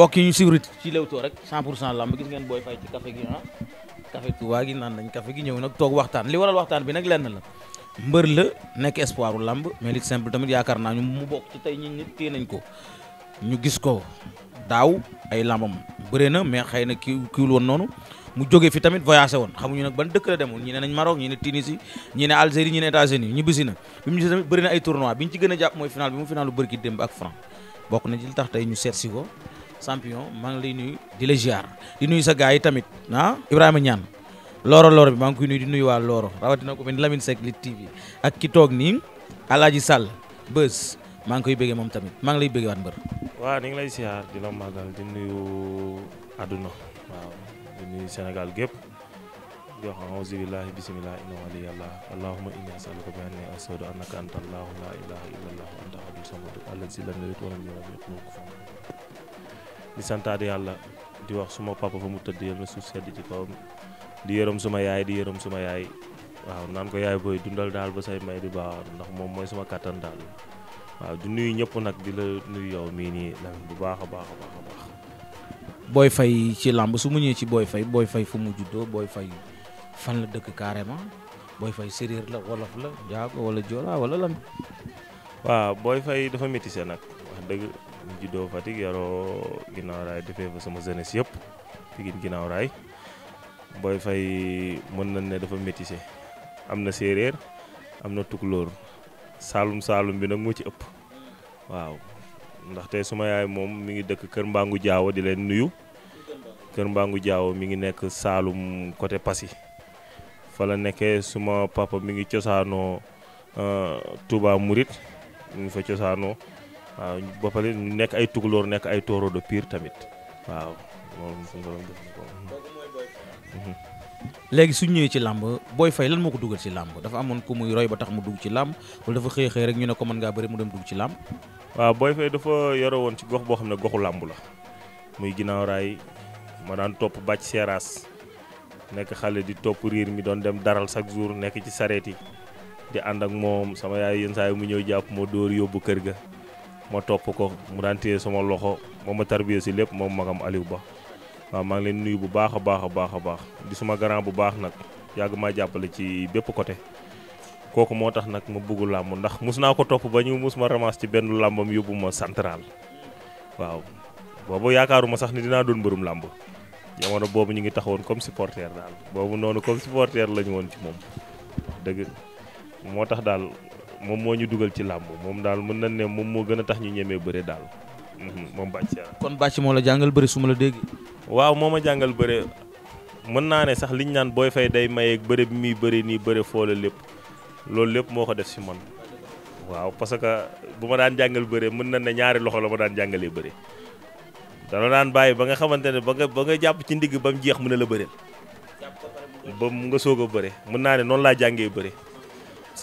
bokk yi ñu siwrit ci Leewtoo rek 100 pour cent lamb gis ngeen booy fay ci café gi ah café gi naan nañ café gi ñëw nag toog waxtaan li waral waxtaan bi nag lenn la mbër la nekk espoir u lamb mais li simple tamit yaakaar naa ñu mu bokk ci tey ñi nit téye nañ ko ñu gis ko daaw ay lambam bëree na mais xëy na kii kiiwul woon noonu mu jógee fi tamit voyagé woon xamuñu nag ban dëkk la demoon ñi ne nañ Maroc ñi ne Tunisie ñi ne Algérie ñi ne États-Unis ñu bisi na bi mu gis tamit bi ñu ci gën a jàpp mooy final bi mu finalu bërki démb ak franc bokk tax tey ñu seet si ko champion maa ngi lay nuyu di la ziar di nuyu sa gars yi tamit ah Ibrahima Niane looro looro bi maa ngi koy nuyu di nuyu waa looro rawatina ko mel ni Lamine Seck li TV ak ki toog nii Alaaji Sall bës maa ngi koy bëggee moom tamit maa ngi lay bëggee waat mbër. la màggal di nuyu àdduna waaw di nuyu Sénégal gépp di santaat yàlla di wax suma papa fa mu tëdd yal na suuf sedd ci kaw di yërëm suma yaay di yërëm suma yaay waaw naan ko yaay booy dundal daal ba say may di baax ndax moom mooy suma kàttan daal waaw di nuyu ñëpp nag di la nuyu yow mii nii Lamine bu baax a baax a baax a baax. Boy Faye ci làmb su mu ñëwee ci booy fay booy fay fu mu juddoo booy Faye fan la dëkk carrément booy fay séeréer la wolof la jaago wala joola wala lan. waaw Boy Faye dafa métissé juddoo Fatick yaroo ginnaaw raay defee fa sama jeunesse yëpp Pikine ginnaaw raay booy fay mën nañ ne dafa métissé am na séeréer am na tukulóor saalum saalum bi nag moo ci ëpp waaw ndaxte suma yaay moom mi ngi dëkk Kër Mbangu Jaawo di leen nuyu Kër Mbangu Jaawo mi ngi nekk saalum côté Passy fa la nekkee suma papa mi ngi cosaanoo euh, Touba Mouride mu ngi fa cosaanoo waaw ba nekk ay tukulóor nekk ay tooro de pire tamit waaw moom mhm. léegi suñ ñëwee ci làmb booy fay lan moo ko dugal ci làmb dafa amoon ko muy roy ba tax mu dugg ci làmb wala dafa xëy rek ñu ne ko mën ngaa bëri mu dem dugg ci làmb. waaw booy Faye dafa yore woon ci gox boo xam ne goxu làmbu la muy ginnaaw raay ma daan topp bàcc seeraas nekk xale di topp riir mi doon dem daral chaque jour nekk ci sareet yi di ànd ak moom sama yaay yenn saa yi mu ñëw jàpp moo dóor yóbbu kër ga. ma topp ko mu daan téye sama loxo moom ma tarbiye si lépp moom magam Aliou Ba waaw maa ngi leen nuyu bu baax a baax a baax a baax di suma grand bu baax nag yàgg maa jàppale ci bépp côté kooku moo tax nag ma bëggu làmb ndax mus naa ko topp ba ñu mus ma ramas ci benn làmbam yóbbu ma central waaw boobu yaakaaruma sax ni dinaa doon mbërum làmb jamono boobu ñu ngi taxawoon comme supporter daal boobu noonu comme supporter lañu woon ci moom dëgg moo tax daal moom moo ñu dugal ci làmb moom daal mën nañ ne moom moo gën a tax ñu ñemee bëre daal mhm, moom bàcc kon bàcc moom la jàngal bëre su ma la dégg waaw moo ma jàngal bëre mën naa ne sax liñ naan booy fay day mayeeg bëre bi muy bëri nii bëre foole lépp loolu lépp moo ko def si man waaw parce que bu ma daan jàngal bëre mën na ne ñaari loxo la ma daan jàngalee bëre dana daan bàyyi ba nga xamante ne ba nga jàpp ci ndigg ba mu jeex mu ne la bëreel ba mu nga soog a bëre mën naa ne noonu laa jàngee bëre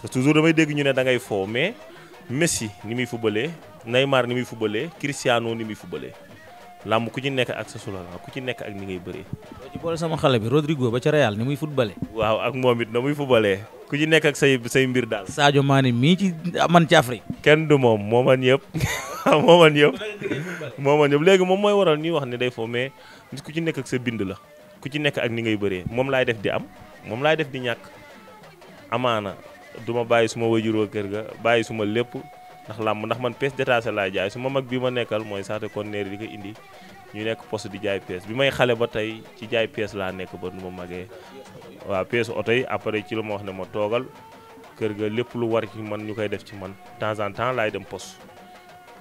parce toujours damay dégg ñu ne dangay ngay foo mais Messi ni muy fubalee Neymar ni muy fubalee Cristiano ni muy fubalee làmb ku ci nekk ak sa sula ku ci nekk ak ni ngay bëree. ci sama xale bi Rodrigo ba ca Real ni muy fubalee. waaw ak moom it muy fubalee ku ci nekk ak say say mbir daal. Sadio Mané mii ci man ci Afrique. du moom mooman yëpp mooman yëpp léegi moom mooy waral ñuy wax ne day foo mais ku ci nekk ak sa bind la ku ci nekk ak ni ngay bëree moom laay def di am moom laay def di ñàkk amaana. du ma bàyyi suma wajuroo kër ga bàyyi suma lépp ndax làmb ndax man pièces détachées laay jaay suma mag bii ma nekkal mooy saate conteneur di ko indi ñu nekk poste di jaay pièces bi may xale ba tey ci jaay pièces laa nekk ba nu ma magee waaw pièces oto yi ci la ma wax ne ma toogal kër ga lépp lu war ci man ñu koy def ci man temps en temps laay dem poste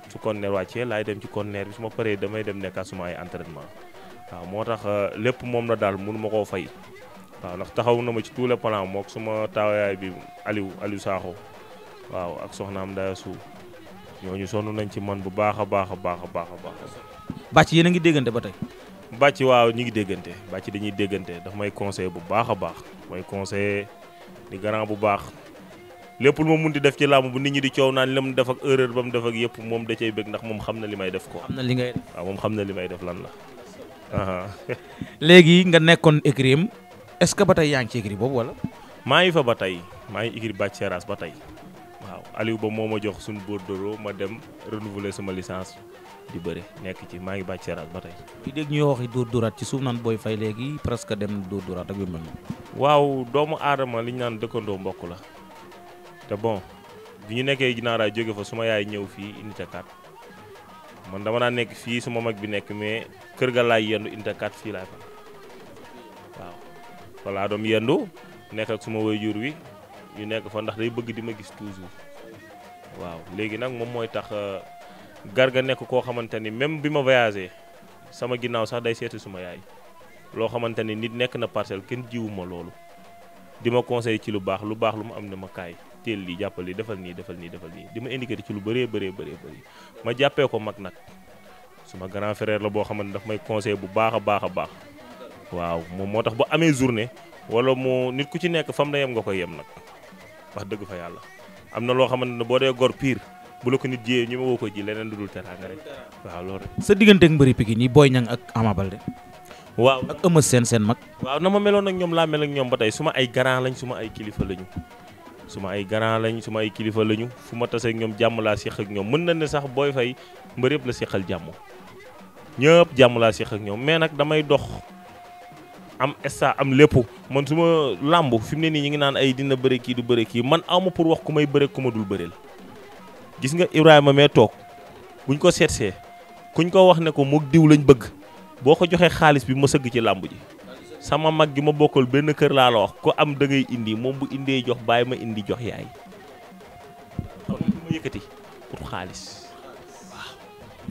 su kon conteneur wàccee laay dem ci conteneur bi su ma paree damay dem nekkaat suma ay entraînement waaw moo tax euh, lépp moom la daal mënu koo fay waaw ndax taxaw na ma ci tous les plans mook suma taawaay bi Aliou Aliou Sakho waaw ak soxnaam Ndaya Sow ñooñu sonn nañ ci man bu baax a baax a baax a baax a baax. bàcc yéen a ngi déggante ba tey. bàcc waaw ñu ngi déggante bàcc dañuy déggante daf may conseiller bu baax a baax may conseiller di garant bu baax lépp lu ma mun di def ci làmb bu nit ñi di coow naan lam def ak erreur ba mu def ak yëpp moom da cay bëgg ndax moom xam na li may def ko. xam na li ngay def waaw moom xam na li may def lan la. léegi nga nekkoon écrim est-ce que ba tey yaa ngi ci écurie boobu wala. maa ngi fa ba tey maa ngi écurie Bathieras ba tey waaw Aliou ba moo ma jox suñu bordereau ma dem renouveler sama licence di bëre nekk ci maa ngi Bathieras ba tey. di dégg ñuy wax dóor dóoraat ci suuf naan booy fay léegi presque dem dóor dóoraat ak yu mel waaw doomu aadama li ñu naan dëkkandoo mbokk la te bon bi ñu nekkee ginnaaraa jóge fa suma yaay ñëw fii unité 4 man dama naa nekk fii suma mag bi nekk mais kër ga laay yendu unité 4 fii laay fa. falaa doom yendu nekk ak suma waajur wi ñu nekk fa ndax day bëgg di ma gis toujours waaw léegi nag moom mooy tax euh, Garga nekk koo xamante ni même bi ma voyagé sama ginnaaw sax day seeti suma yaay loo xamante ni nit nekk na parcelle kenn jiwu ma loolu di ma conseil ci lu baax lu baax lu mu am ne ma kaay teel lii jàppal lii defal nii defal nii defal nii di ma indiqué ci lu bëree bëree bëree bëri ma jàppee ko mag nag suma grand frère la boo xamante daf may conseil bu baax a baax a baax waaw moom moo tax bu amee journée wala mu nit ku ci nekk mu na yem nga ko yem nag wax dëgg fa yàlla am na loo xamante ne boo dee gor piir bu la ko nit jiyee ñu ma woo ji leneen lu dul teraanga rek waaw loolu rek. sa diggante ak mbëri Pikine yi Boy Niang ak Ama Baldé. waaw ak Eumeu Sène seen mag. waaw na ma meloon ak ñoom laa mel ak ñoom ba tey su ma ay garant lañ su ma ay kilifa lañu su ma ay garant lañ su ma ay kilifa lañu fu ma tasee ak ñoom jàmm laa ak ñoom mën na ne sax booy fay mbër la seqal jàmm jàmm laa seq ak ñoom mais nag damay dox am sta am lépp man su ma làmb fi mu ne nii ñu ngi naan ay dina bëre kii du bëre kii man awma pour wax ku may bëre ku ma dul bëreel gis nga Ibrahima mee toog buñ ko seetsee kuñ ko wax ne ko mu diw lañ bëgg boo ko joxee xaalis bi ma sëgg ci làmb ji sama mag gi ma bokkal benn kër laa la wax ku am da indi moom bu indee jox bàyyi ma indi jox yaay xaalis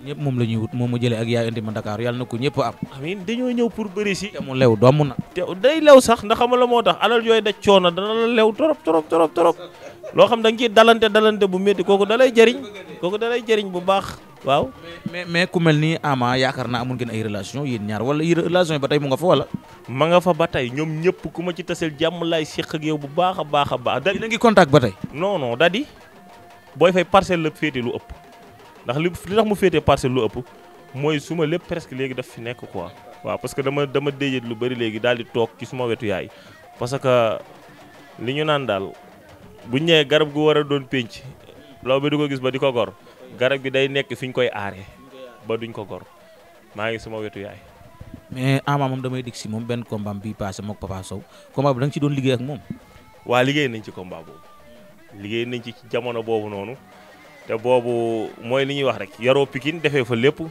ñëpp moom la ñuy wut moom mu jëlee ak yaay indi ma Dakar yàlla na ko ñëpp am amiin dañoo ñëw pour bëri si te lew doomu nag day lew sax ndax moo tax alal yooyu daj coono dana lew torop torop torop loo xam da nga ciy dalante dalante bu métti kooku dalay jëriñ kooku dalay jëriñ bu baax waaw mais mais ku mel ni Ama yaakaar naa amul ngeen ay relation ba ma nga fa ba tey ñoom ñëpp ku ci tasel jàmm laay séq ak yow bu baax a baax a baax da ngi contact ba tey non non da di booy fay parcelle la féete lu ëpp ndax li li tax mu féetee parce lu ëpp mooy suma lépp presque léegi daf fi nekk quoi waaw parce que dama dama déjét lu bëri léegi daal di toog suma wetu yaay parce que li ñu naan daal bu ñëwee garab gu war a doon pénc law bi du ko gis ba di ko gor garab gi day nekk fi ñu koy aaree ba duñ ko gor maa ngi suma wetu yaay. mais Ama moom damay dig si moom benn combat bi passé mook Papa Sow combat da nga ci doon liggéey moom. waa liggéey nañ ci combat boobu liggéey nañ ci ci jamono boobu noonu. te boobu mooy li ñuy wax rek yaroo Pikine defee fa lépp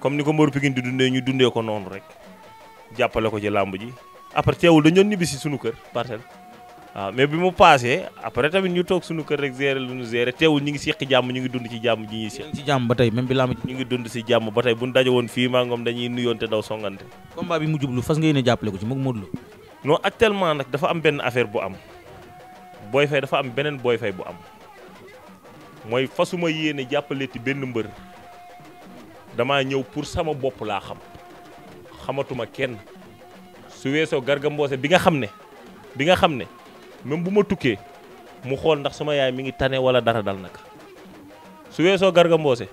comme ni ko mbaru Pikine di dundee ñu dundee ko noonu rek jàppale ko ci làmb ji après teewul dañoon ñibbi si suñu kër parcelle waaw mais bi mu paasee après tamit ñu toog suñu kër rek gérer lu ñu gérer teewul ñu ngi seqi jàmm ñu ngi dund ci jàmm ji ñuy seq ci jàmm ba tey même bi làmb ñu ngi dund si jàmm ba tey bu ñu woon fii maa ngoom dañuy nuyoon te daw songante combat bi mu jublu fas nga yéene jàppale ko ci moog Modou Lo nag dafa am benn affaire bu am Boy Faye dafa am beneen Boy bu am mooy fasuma yéene jàppaleeti benn mbër damaa ñëw pour sama bopp laa xam xamatuma kenn su weesoo Garga Mbossé bi nga xam ne bi nga xam ne même bu ma tukkee mu xool ndax sama yaay mi ngi tane wala dara dal naka su weesoo Garga Mbossé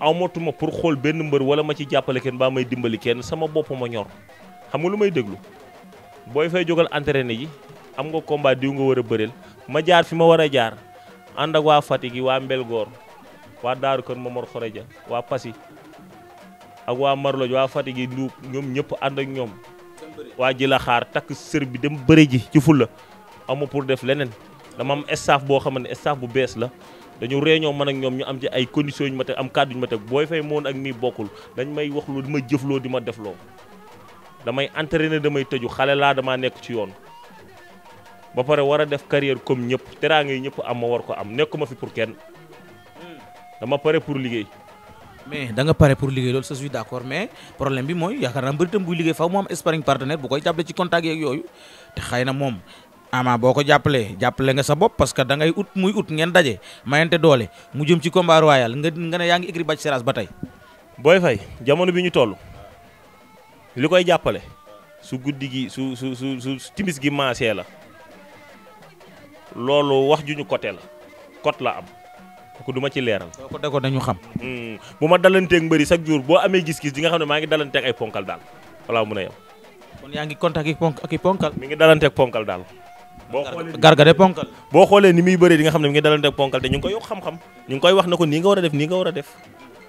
amatuma pour xool benn mbër wala ma ci jàppale kenn baa may dimbali kenn sama bopp ma ñor xam nga lu may déglu booy fay jógal entraîné yi am nga combat diw nga war a bëreel ma jaar fi ma war a jaar ànd ak waa Fatick yi waa Mbelgoor waa Daaru Kër Momor Xoreja waa Passy ak waa Marloj waa Fatick yi ñoom ñëpp ànd ak ñoom waa Jila xaar takk sër bi dem bëri ji ci fulla amu pour def leneen dama am staff boo xam ne staff bu bees la dañu réunion man ak ñoom ñu am ci ay conditions ñu ma teg am kàddu ñu ma teg booy fay moon ak mii bokkul dañ may wax loo di ma jëfloo di ma defloo damay entraîner damay tëju xale laa damaa nekk ci yoon ba pare war a def carrière comme ñëpp teraanga yi ñëpp am ma war ko am nekkuma fi pour kenn hmm. dama pare pour liggéey. mais da nga pare pour liggéey loolu je suis d'accord mais problème bi mooy yaakaar naa mbër itam buy liggéey fa mu am sparring partenaire bu koy jàppale ci contact yeeg na moom ama boo ko jàppalee jàppale nga sa bopp parce que da ngay ut muy ut ngeen daje mayante doole mu jëm ci combat royal nga nga ne yaa ngi écrit bàcc séras ba booy fay jamono bi ñu toll li koy jàppale su guddi gi su su su timis gi maasee la. loolu wax ju ñu côté la cote la am kooku du ma ci leeral. ko da ko dañu xam. Hmm. bu ma dalanteeg mbëri chaque jour boo amee gis-gis di nga xam ne maa ngi dalanteeg ay ponkal daal walla a yem. kon ngi contact ponk ak i mi ngi dalanteeg ponkal daal. boo xoolee garga de ponkal. boo xoolee ni muy bëree di nga xam ne mi ngi dalanteeg ponkal te ñu ngi koy yokk xam-xam ñu ngi koy wax na ko nii nga war a def nii nga war a def.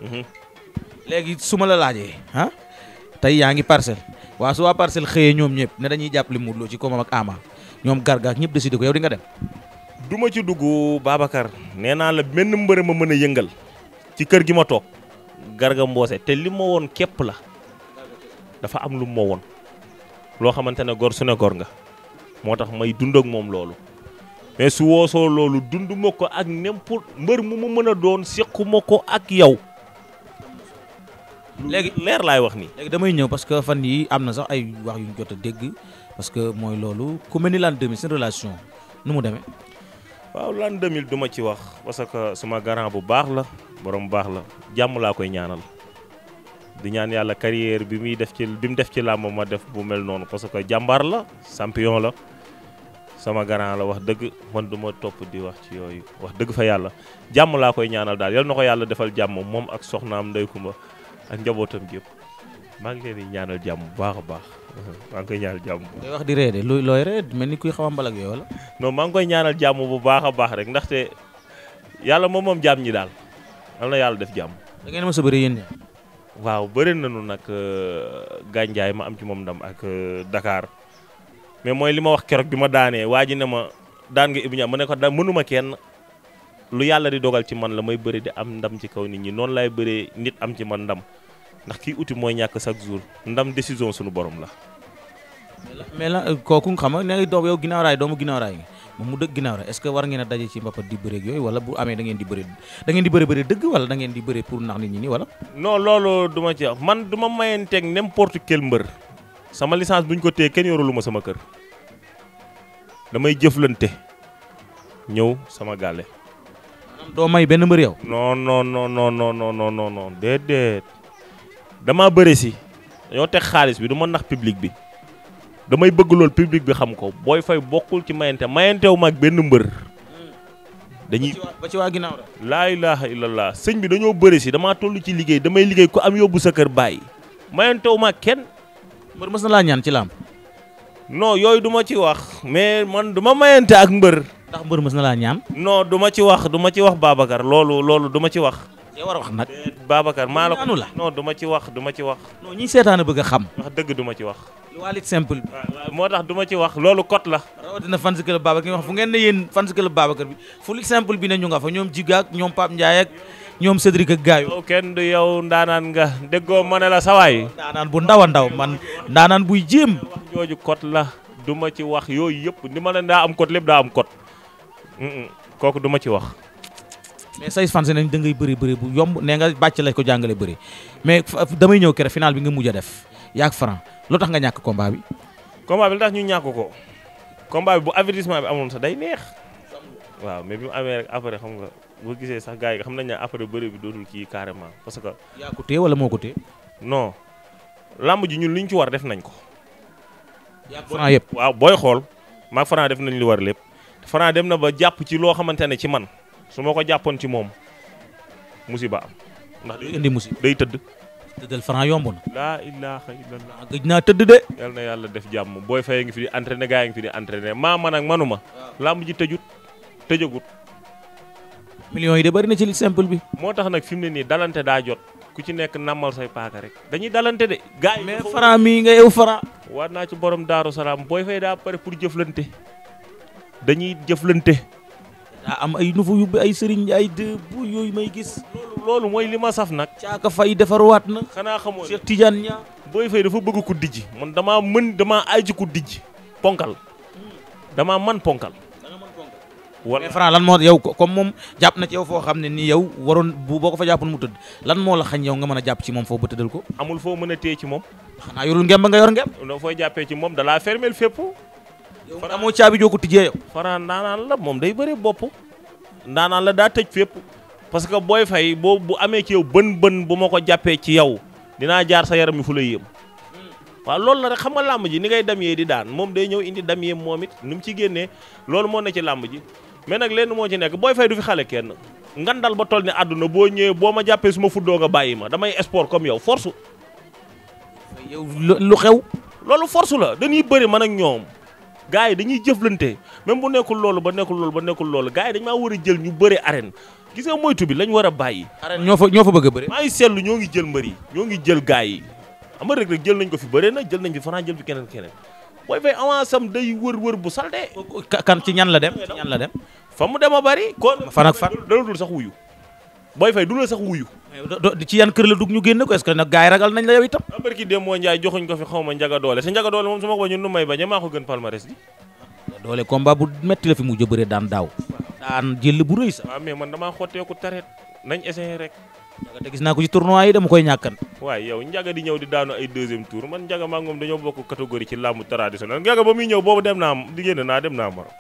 Hmm. léegi su ma la laajee ah tey yaa ngi parcelle waa su waa parcelle xëyee ñoom ñëpp ne dañuy jàppale Modou Lo ci combat ak Ama ñoom gargaak ñëpp décidé ko yow di nga dem. du ci dugg Babacar nee naa la benn mbër ma mën a yëngal ci kër gi ma toog garga mboose te li ma woon képp la dafa am lu ma woon loo xamante ne gor su ne gor nga moo tax may dundak moom loolu mais su woosoo loolu dunduma ko ak n'importe mbër mu mu mën a doon sequma ko ak yow. léegi leer laay wax nii. léegi damay ñëw parce que fan yi am na sax ay wax yu ñu jot a dégg. parce que mooy loolu ku mel ni l'an 2000 seen relation nu mu demee. waaw l'an 2000 du ma ci wax parce que suma garant bu baax la borom baax la jàmm laa koy ñaanal di yàlla carrière bi muy def ci bi mu def ci làmb ma def bu mel noonu parce que jàmbaar la champion la sama garant la wax dëgg man du ma topp di wax ci yooyu wax dëgg fa yàlla jàmm laa koy ñaanal daal yal na ko yàlla defal jàmm moom ak soxnaam Ndey Kumba ak njabootam gépp maa ngi leen ñaanal jàmm bu baax a baax. maa ngi koy ñaanal jàmm day wax di ree de lu looy ree mel ni kuy xaw a mbal ak yow maa ngi koy ñaanal jàmm bu baaxa baax rek ndaxte yàlla moom moom jàmm ñi daal am na yàlla def jàmm da ma sa bëri yéen ña waaw bëri nañu nag euh, gànjaay ma am ci moom ndam ak euh, Dakar mais mooy li ma wax keroog bi ma daanee waa ji ne ma daan nga ma ne ko da mënuma kenn lu yàlla di dogal ci man la may bëri di am ndam ci kaw nit ñi noonu laay bëree nit am ci man ndam ndax kii uti mooy ñàkk chaque jour ndam décision sunu borom la. mais la euh, kooku xam ne doom yow ginnaaw raay doomu ginnaaw moom mu dëgg ginnaaw raay est-ce que war ngeen daje ci mbapat di bëre ak yooyu wala bu amee da di bëre da ngeen di bëre bëre dëgg wala da ngeen di bëre pour nax nit ñi nii wala. non loolu du ma ci wax man du ma mayanteeg n'importe quel mbër sama licence bu ko téye kenn yoralu ma sama kër damay jëflante ñëw sama gàlle. doo may benn mbër yow. non non non damaa bëre si dañoo teg xaalis bi du ma nax public bi damay bëgg loolu public bi xam ko booy fay bokkul ci mayante mayantewu ma ak benn mbër. dañuy ba ci la. laa ilaaha illallah sëñ bi dañoo bëri si damaa tollu ci liggéey damay liggéey ku am yóbbu sa kër bàyyi. mayantewu ma ak kenn. mbër mës na laa ñaan ci làmb. no yooyu duma ci wax. mais man du ma ak mbër. ndax mbër mës na laa ñaan. no duma ci wax duma ma ci wax Babacar loolu loolu duma ci wax. yaa war a wax nag. Babacar maa la ko non du ma ci wax duma ci wax. non ñi seetaan a bëgg a xam. wax dëgg duma ci wax. walit simple bi. moo tax duma ci wax loolu kot la. rawatina fans club Babacar wax fu ngeen ne yéen fans club Babacar bi fu lit bi ne ñu nga fa ñoom Jiga ak ñoom Pape Ndiaye ak ñoom Cédric ak gaayu kenn du yow ndaanaan nga déggoo ma ne la sawaay. ndaanaan bu ndaw a ndaw man ndaanaan buy jéem. wax jooju kot la du ma ci wax yooyu yëpp ni ma leen daa am kot lépp daa am kot kooku duma ci wax. mais say fan nañ da ngay bëri bëri bu yomb nee nga bàcc la ko jàngale bëri mais damay ñëw kere final bi nga mujj a def yaag Franc lu tax nga ñàkk combat bi. combat bi lu tax ñu ñàkk ko combat bi bu avertissement bi amoon sax day neex waaw mais bi mu amee rek après xam nga boo gisee sax gaa yi xam nañ ne après bëri bi dootul kii carrément parce que. yaa ko téye wala moo ko téye. non lamb ji ñun luñ ci war def nañ ko. yaag Franc yëpp waaw booy xool maag Franc def nañ li war lépp Franc dem na ba jàpp ci loo xamante ne ci man. su ma ko jàppoon ci moom musiba am. ndax day indi musiba day tëdd. tëddal franc yomb na. laa ilaaha illallah. gëj naa tëdd de. yal yàlla def jàmm booy fay ngi fi di entraîné gaa ngi fi di entraîné maa man ak manuma. làmb ji tëjut tëjagut. millions yi de bari na ci simple bi. moo tax nag fi mu ne nii dalante daa jot. ku ci nekk nammal say paaka rek dañuy dalante de. gars yi mii nga yow Franc. war naa ci borom daaru salaam booy fay daa pare pour jëflante dañuy jëflante daa am ay nufu yubbi ay sëriñ ay dë bu yooyu may gis. loolu mooy li ma saf nag. caaka fay defarwaat na. xanaa xamoo Cheikh Tidiane ñaa booy fay dafa bëgg ku dijji man damaa mën damaa aji ku dijji ponkal damaa man ponkal. wala mais Franc lan moo ko comme moom jàpp na ci yow foo xam ne ni yow waroon bu boo ko fa jàppoon mu tëdd lan moo la xañ yow nga mën a jàpp ci moom foo ba tëddal ko. amul foo mën a téye ci moom. xanaa yorul ngemb nga yor ngemb. jàppee ci moom da laa fermeel fépp. Franc moo caabi joo ko tijjee yow. la moom day bëri bopp ndaanaan la daa tëj fépp parce que booy fay boo bu amee ci yow bën bën bu ma ko jàppee ci yow dinaa jaar sa yaram mi fu lay yëm hmm. waaw loolu la rek xam nga làmb ji ni ngay yee di daan moom day ñëw indi damyee moom moomit ni mu ci génnee loolu moo ne ci làmb ji mais nag lenn moo ci nekk booy fay du fi xale kenn ngan dal ba toll ne àdduna boo ñëwee boo ma jàppee su ma fuddoo nga bàyyi ma damay sport comme yow force. lu xew. loolu force la dañuy bëri man ak ñoom. gars yi dañuy jëflante même bu nekkul loolu ba nekkul loolu ba nekkul loolu gars yi dañ maa war a jël ñu bëre arène gis nga moytu bi lañ war a bàyyi. arène ñoo fa ñoo fa bëgg a bëre. maa ngi ñoo ngi jël mbër ñoo ngi jël gars yi xam nga jël nañ ko fi bëre na jël nañ fi Franc jël fi keneen keneen booy fay avance am day wër wër bu salte kan ci ñan la dem ci la dem fa mu dem a bari kon fan ak fan dalul sax wuyu booy fay du la sax wuyu ci yan kër la dug ñu génn ko est-ce que nag gars ragal nañ la yow itam ah, barki dem moo Njaay joxuñ ko fi xaw ma njaga doole sa njaga doole ko ñun bu metti la fi mu jëbëree daan daaw daan jël bu rëy sax waaw ah, mais man damaa xotteeku taret nañ rek njaga te gis naa ko ci tournoi yi dama koy ñàkkan waaye yow njaga di ñëw di daanu ay deuxième tour man njaga maa moom dañoo bokk catégorie ci làmb traditionnel njaga ba muy ñëw boobu dem naa di génn naa dem naa maro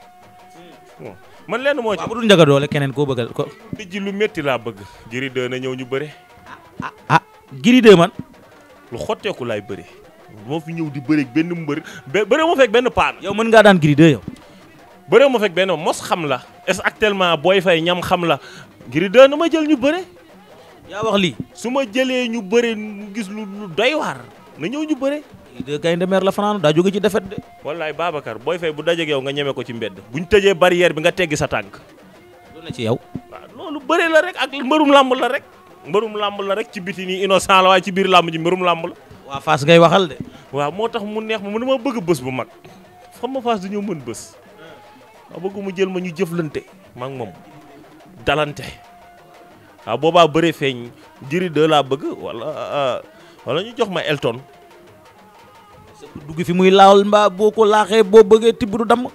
hmm. man leen moo ci. waaw bu dul Ndiaga Dolé keneen koo bëggal ko. ji lu métti laa bëgg. Gris 2 na ñëw ñu bëre. a ah, ah, ah Gris man. lu xotteeku laay bëri. moo fi ñëw di bëri benn mbër bëre moo fekk benn paan. yow mën ngaa daan Gris 2 yow. bëre moo fekk benn mos xam la est actuellement booy fay ñam xam la Gris 2 na ma jël ñu bëre. yaa wax lii su ma jëlee ñu bëre gis lu doy waar na ñëw ñu bëre. de gaynde mer la fanaanu daa jóge ci defet de wallaay Babacar booy fay bu dajeeg yow nga ñeme ko ci mbedd buñ tëjee barrière bi nga teggi sa tànk ci yow waaw loolu bëri la rek ak mbërum làmb la rek mbërum làmb la rek ci biti nii innocent la waaye ci biir làmb ji mbërum làmb la waa Fass ngay waxal de waaw moo tax mu neex ma mu dama bëgg bës bu mag xam ma Fass dañoo mën bés waaw bëgg jël ma ñu jëflante ma ak moom dalante waaw boobaa bëre feeñ jëri laa bëgg wala euh, wala ñu jox ma Elton dugg fi muy laal mbaa boo ko laaxee boo bëggee tibb du damm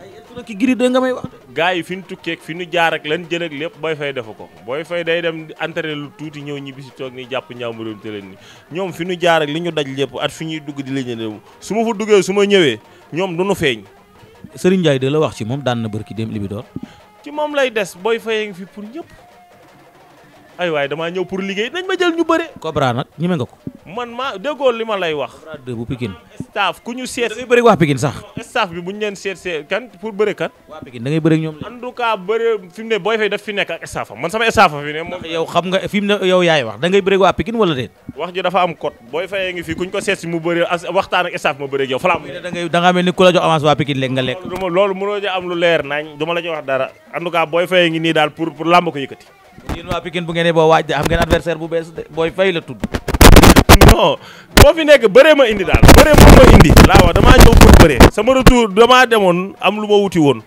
ay etura ki giri de nga may wax de yi fi ñu tukkee fi ñu jaar ak lan jël lépp booy fay defu ko booy fay day dem entraîné lu tuuti ñëw ñibbi toog ni jàpp ñaamuroon te leen ni ñoom fi ñu jaar li ñu daj lépp at fi ñuy dugg di li ñu su ma fa duggee su ma ñëwee ñoom du ñu feeñ Serigne Ndiaye de la wax ci moom daan na bërki dem li bi door ci moom lay des booy fayee ngi fi pour ñëpp ay waaye damaa ñëw pour liggéey nañ ma jël ñu bëre. Cobra nag ñeme nga ko. man maa déggoo li ma lay wax. Cobra 2 bu Pikine. staff ku ñu seet. dafay bëri wax Pikine sax. staff bi bu ñu leen seet seet kan pour bëre kan. waa Pikine ñoom. en bëre fi ne Boy Faye daf fi nekk ak staff am man sama staff fi ne moom. yow xam nga fi ne yow yaay wax da ngay bëre ak waa Pikine wala déet. wax ji dafa am code Boy Faye nga lekk. loolu mënoo am lu leer nañ duma la ci wax dara en tout cas ngi nii daal pour pour làmb ko yëkkati. yéen waa Pikine bu ngeen ne boo fi nekk bëree ma indi daal bëree moom ma indi laa wax damaa ñëw pour bëree sama retour damaa demoon am lu ma wuti woon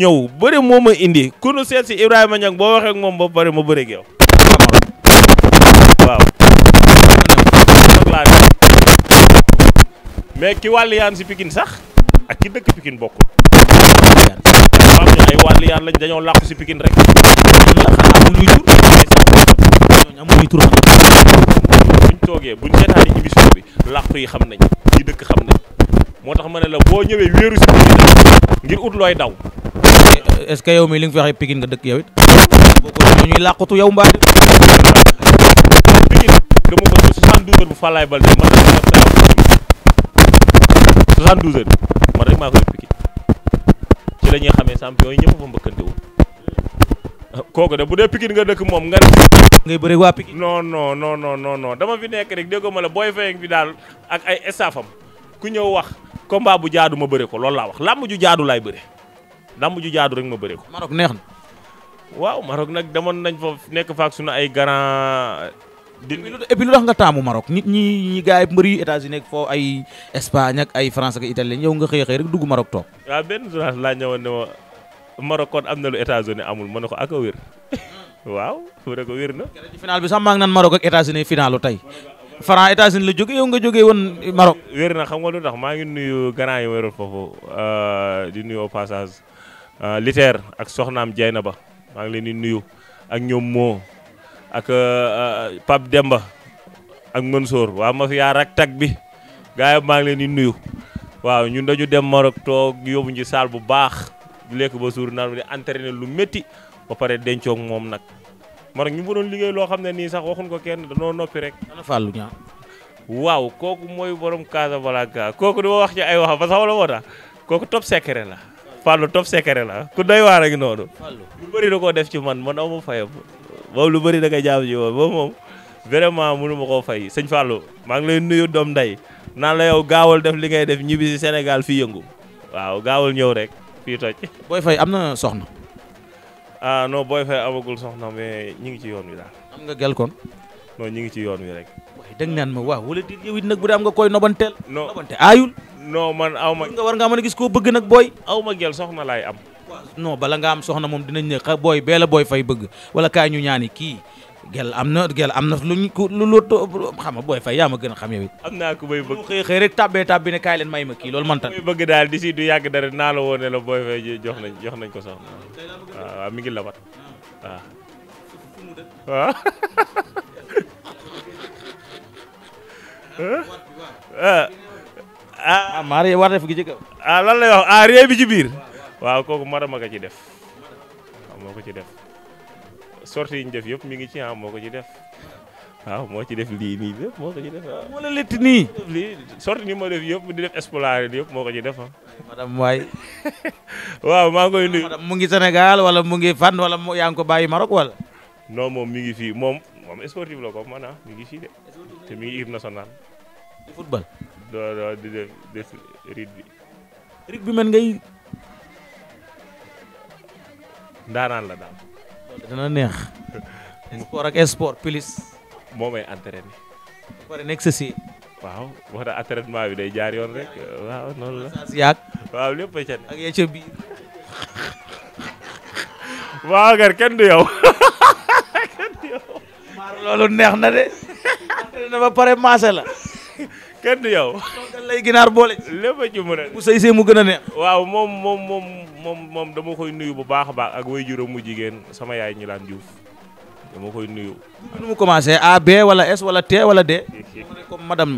ñëw bëri moo ma indi ku nu seet si Ibrahima Niang boo waxee ak moom ba pare ma bëri ak yow. waaw. mais ki wàllu si Pikine sax ak ki dëkk Pikine bokkul. waaw ñun ay wàllu yaan lañ dañoo làqu si rek. ñooñu amuñu seetaani émission. làq yi xam nañ yi dëkk xam nañ moo tax ma ne la boo ñëwee wéeru si ngir ut looy daw. Eh, est-ce que yow mii li nga fi waxee Pikine nga dëkk yow it. boo ko ñoo ñuy làqatu yow mbaa di. Pikine dama ko 72 bu Falaye Baldé man rek maa koy Pikine 72 man rek maa koy Pikine ci la ñuy xamee champion yi ñëpp fa mbëkkante woon kooku de bu dee Pikine nga dëkk moom nga. ngay bëre waa Pikine. non non non non non dama fi nekk rek déggoo ma la booy fayeng bi daal ak ay staffam ku ñëw wax combat bu jaadu ma bëre ko loolu laa wax làmb ju jaadu laay bëre làmb ju jaadu rek ma bëre ko. Maroc neex na. waaw Maroc nag demoon nañ fa nekk faak suñu ay grand. di et puis lu tax nga taamu Maroc nit ñi ñi gars yi mbër yu États-Unis ak foo ay Espagne ak ay France ak la ñëw nga xëy xëy rek dugg ma Maroc kon am na lu États-Unis amul ma ne ko ak a wér mm. waaw mu ko wér na. final bi sax maa ngi naan Maroc ak États-Unis finalu tey. Faran États-Unis la jóge yow nga jógee woon Maroc. wér na xam nga lu tax maa ngi nuyu grand yi wéeru foofu euh, di nuyu au passage euh, Litaire ak soxnaam Dieyna ba maa ngi leen di nuyu ak ñoom moo ak euh, Pape Demba ak Mansour waa ma fi yaar bi gars yi maa ngi di nuyu waaw ñun dañu dem Maroc toog yóbbu ñu saal bu baax. du lekk ba suur naan mu di entraîné lu métti ba pare dencoog moom nag man nag ñu fa doon liggéey loo xam ne nii sax waxuñ ko kenn danoo noppi rek. ana Fallou waaw kooku mooy borom Casa Blanca kooku du wax ci ay wax ba sax wala moo tax kooku top secret la. Fallou top secret la ku day waar rek noonu. lu bari da koo def ci man man aw ma fayam moom lu bari da koy jaam ci moom moom vraiment mënu ma koo fay sëñ Fallou maa ngi lay nuyu doom day naan la yow gaawal def li ngay def ñibbi si Sénégal fi yëngu waaw gaawal ñëw rek. fii toj. Boy am na soxna. ah booy Boy Faye amagul soxna mais ñi ngi ci yoon wi daal. am nga gel kon. non ñi ngi ci yoon wi rek. waaye dégg naan ma waaw wala di yow it nag bu dee am nga koy nobanteel. non nobante aayul. non man aw ma. nga war ngaa mën gis koo bëgg nag booy. aw ma gel soxna laay am. bala nga am soxna moom dinañ ne xa booy bee la Boy Faye bëgg wala kaay ñu ñaani kii gel am na gel am na luñ ko lu lu xam nga booy fay yaa ma gën a xam yow am naa ku may bëgg xëy rek tàbbee tàbbi ne kaay leen may ma kii lool man tan may bëgg daal di si du yàgg dara naa la woon la booy fay jox nañ ko soxna waaw waaw mi ngi labat waaw. ah, ah maa ree war def gi ci ah lan lay wax ah ree bi ci biir waaw kooku madama ko ci def waaw moo ko ci def. sorti yi ñu def yëpp mi ngi ci ah moo ko ci def waaw moo ci def lii nii lépp moo ko ci def waaw. moo la lett nii. lii sorties yi ma def yëpp di def espoir yëpp moo ko ci def ah. madame waay. waaw maa ngi koy nuyu. mu ngi Sénégal wala mu ngi fan wala mu yaa ngi bàyyi Maroc wala. non moom mi ngi fi moom moom sportif la ko man ah, mi ngi fii de. te mi ngi équipe nationale. di football. doo di def def rugby. rugby man ngay. ndaanaan la daal. dana neex. sport ak sport plus. moo may entraîné. ba pare nekk sa waaw wax na entraînement bi day jaar yoon rek waaw noonu la. saa si waaw lépp a ca biir. waaw gar kenn du yow. loolu neex na de. entraîné ba pare maase la. kenn du yow. dañ lay ginaar boole. lépp a a. mu gën a neex. waaw moom moom moom. moom moom dama koy nuyu bu baax a baax ak waajuram mu jigéen sama yaay ñu laan Diouf dama koy nuyu. nu mu commencé A B wala S wala T wala D. comme madam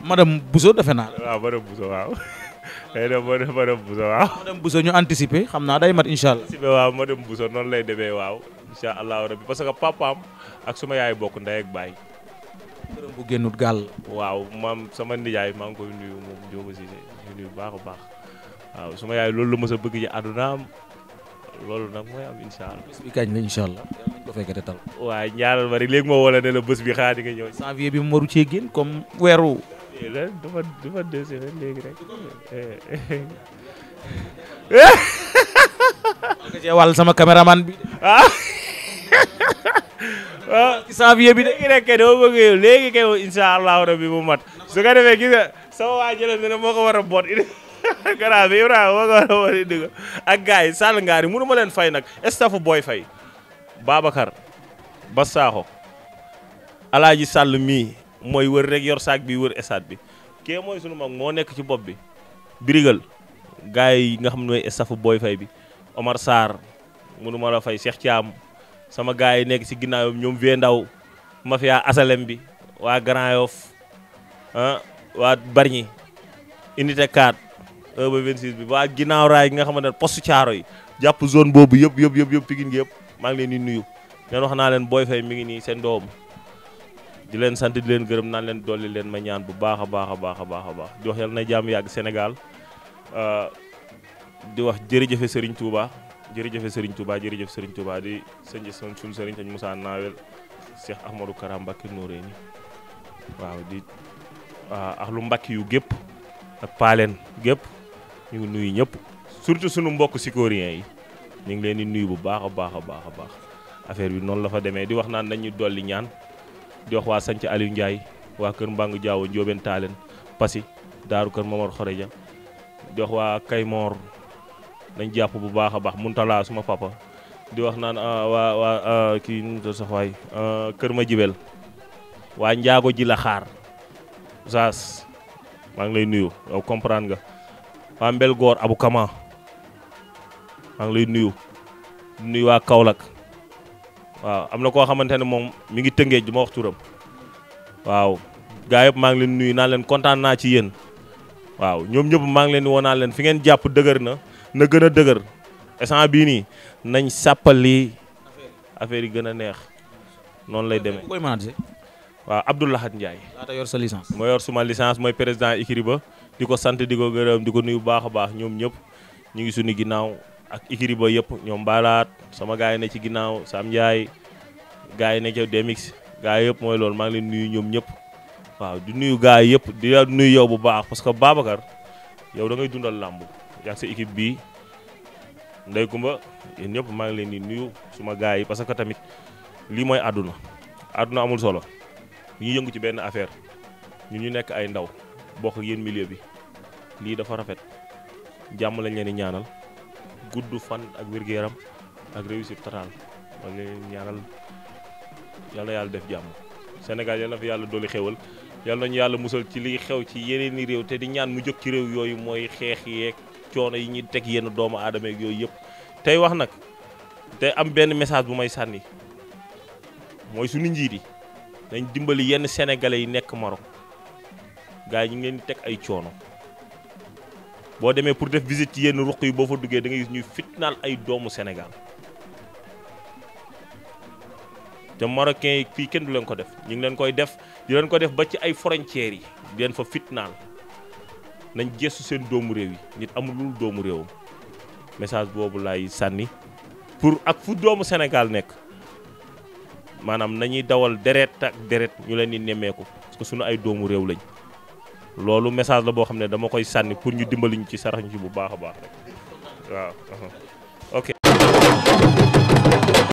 madam Bousso defe naa. waaw madame Bousso waaw. day dem madame Bousso waaw. madame Bousso ñu anticiper xam naa day mat incha waaw madame Bousso noonu lay demee waaw. incha allahu rabbi parce que papaam ak suma yaay bokk ndey ak baay. këram bu génnut gàll. waaw maam sama nijaay maa ngi koy nuyu moom Diop Cissé nuyu bu baax a baax. waaw suma yaay loolu la mos a bëgg ci àddunaam loolu nag mooy am incha allah. bés bi kañ la incha fekkee te tal. waaw ñaanal ma rek léegi moo wala ne la bés bi xaar di nga ñëw. janvier bi mu waru cee génn comme weeru. déedéet du ma du ma sama caméraman bi. ah. bi de léegi rek kay dama bëgg yow léegi kay allah rabi mu mat su ko defee gis sama waa jëloon ne moo ko war a boot. garab bi Ibrahima moo war a war indi ko ak gars yi Sall ngaari mënu ma leen fay nag staffu booy fay Babacar ba saaxo alaaji Sall mii mooy wër rek yor saak bi wër estade bi kee mooy sunu mag moo nekk ci bopp bi birigal gars nga xam ne mooy staffu booy fay bi Omar Sarr mënu ma fay seex Thiam sama gars yi nekk si ginnaawam ñoom vie ndaw mafia asalem bi waa Grand Yoff ah waa Bargny unité 1 ba 26 bi waa ginnaaw raay nga xamante ne poste caaro yi jàpp zone boobu yëpp yëpp yëpp yëpp Pikine yëpp maa ngi leen di nuyu leen wax naa leen booy Faye mi ngi nii seen doom di leen sant di leen gërëm naa leen dolli leen ma ñaan bu baax a baax a baax a baax a di wax yàlla na jàmm yàgg senegal euh, di wax jërëjëfe sëriñ Touba jërëjëfe sëriñ Touba jërëjëf sëriñ Touba di sëñ son suñu Serigne Sëñ Moussa a Cheikh Ahmadou Karam Mbacké Noreyni waaw di ahlu Mbacké yu gépp ak paaleen gépp ñu nuyu ñëpp surtout sunu mbokk sikorien yi ñu ngi leen di nuyu bu baax a baax a baax a baax affaire bi noonu la fa demee di wax naan nañu dolli ñaan di wax waa sanc Aliou Ndiaye waa kër Mbangu Diawo Ndiobène Talen Passy daaru kër Momar Xoreja di wax waa Kaymoor nañ jàpp bu baax a baax Muntala suma papa di wax naan ah, waa waa ah, kii nu mu sax ah, kër ma jibel waa njaago ji xaar Saas maa ngi lay nuyu yow comprendre nga waa Mbel Goor Abu Kama maa ngi lay nuyu nuyu waa Kaolack waaw am na koo xamante ne moom mi ngi tëngéej du ma wax turam waaw gaa yëpp maa ngi leen nuyu naa leen kontaan naa ci yéen waaw ñoom ñëpp maa ngi leen woo naa leen fi ngeen jàpp dëgër na na gën a dëgër instant bii nii nañ sàppali affaire yi gën a neex noonu lay deme waaw Abdoulahat Ndiaye. laata yor sa licence. moo yor suma licence mooy président Ikiri ba di ko sant di ko gërëm di ko nuyu bu baax a baax ñoom ñëpp ñu ngi suñu ginnaaw ak Ikiri ba yëpp ñoom mbaalaat sama gars yi ne ci ginnaaw Sam Ndiaye gars yi ne ca Demix gars yëpp mooy loolu maa ngi leen nuyu ñoom ñëpp waaw di nuyu gars yëpp di la nuyu yow bu baax parce que Babacar yow da ngay dundal làmb yaa sa équipe bii Ndey Kumba yéen ñëpp maa ngi leen di nuyu suma gars yi parce que tamit lii mooy àdduna àdduna amul solo. ñu yëngu ci benn affaire ñu ñu nekk ay ndaw bokk ak yéen milieu bi lii dafa rafet jàmm lañ leen ñaanal gudd fan ak wér yaram ak réussite totale lañ leen di ñaanal yal na yàlla def jàmm. Sénégal yal na fi yàlla dolli xéwal yal nañu yàlla musal ci liy xew ci yeneen réew te di ñaan mu jóg ci réew yooyu mooy xeex yeeg coono yi ñu teg yenn doomu aadama ak yooyu yépp tey wax nag te am benn message bu may sànni mooy suñu njiit yi. dañ dimbali yenn sénégalais yi nekk Maroc gars yi ñu ngeen teg ay coono boo demee pour def visite ci yenn ruq yi boo fa duggee da ngay gis ñuy fitnaal ay doomu Sénégal te marocains yi fii kenn du leen ko def ñu ngi leen koy def di leen ko def ba ci ay frontières yi di leen fa fitnaal nañ gestu seen doomu réew yi nit amul lu doomu réewam message boobu lay sànni pour ak fu doomu Sénégal nekk. maanaam nañuy dawal deret ak deret ñu leen di nemmeeku parce que suñu ay doomu réew lañ loolu message la boo xam ne dama koy sànni pour ñu dimbali ñu ci sarax ñu ci bu baax a baax rek waaw uh-huh.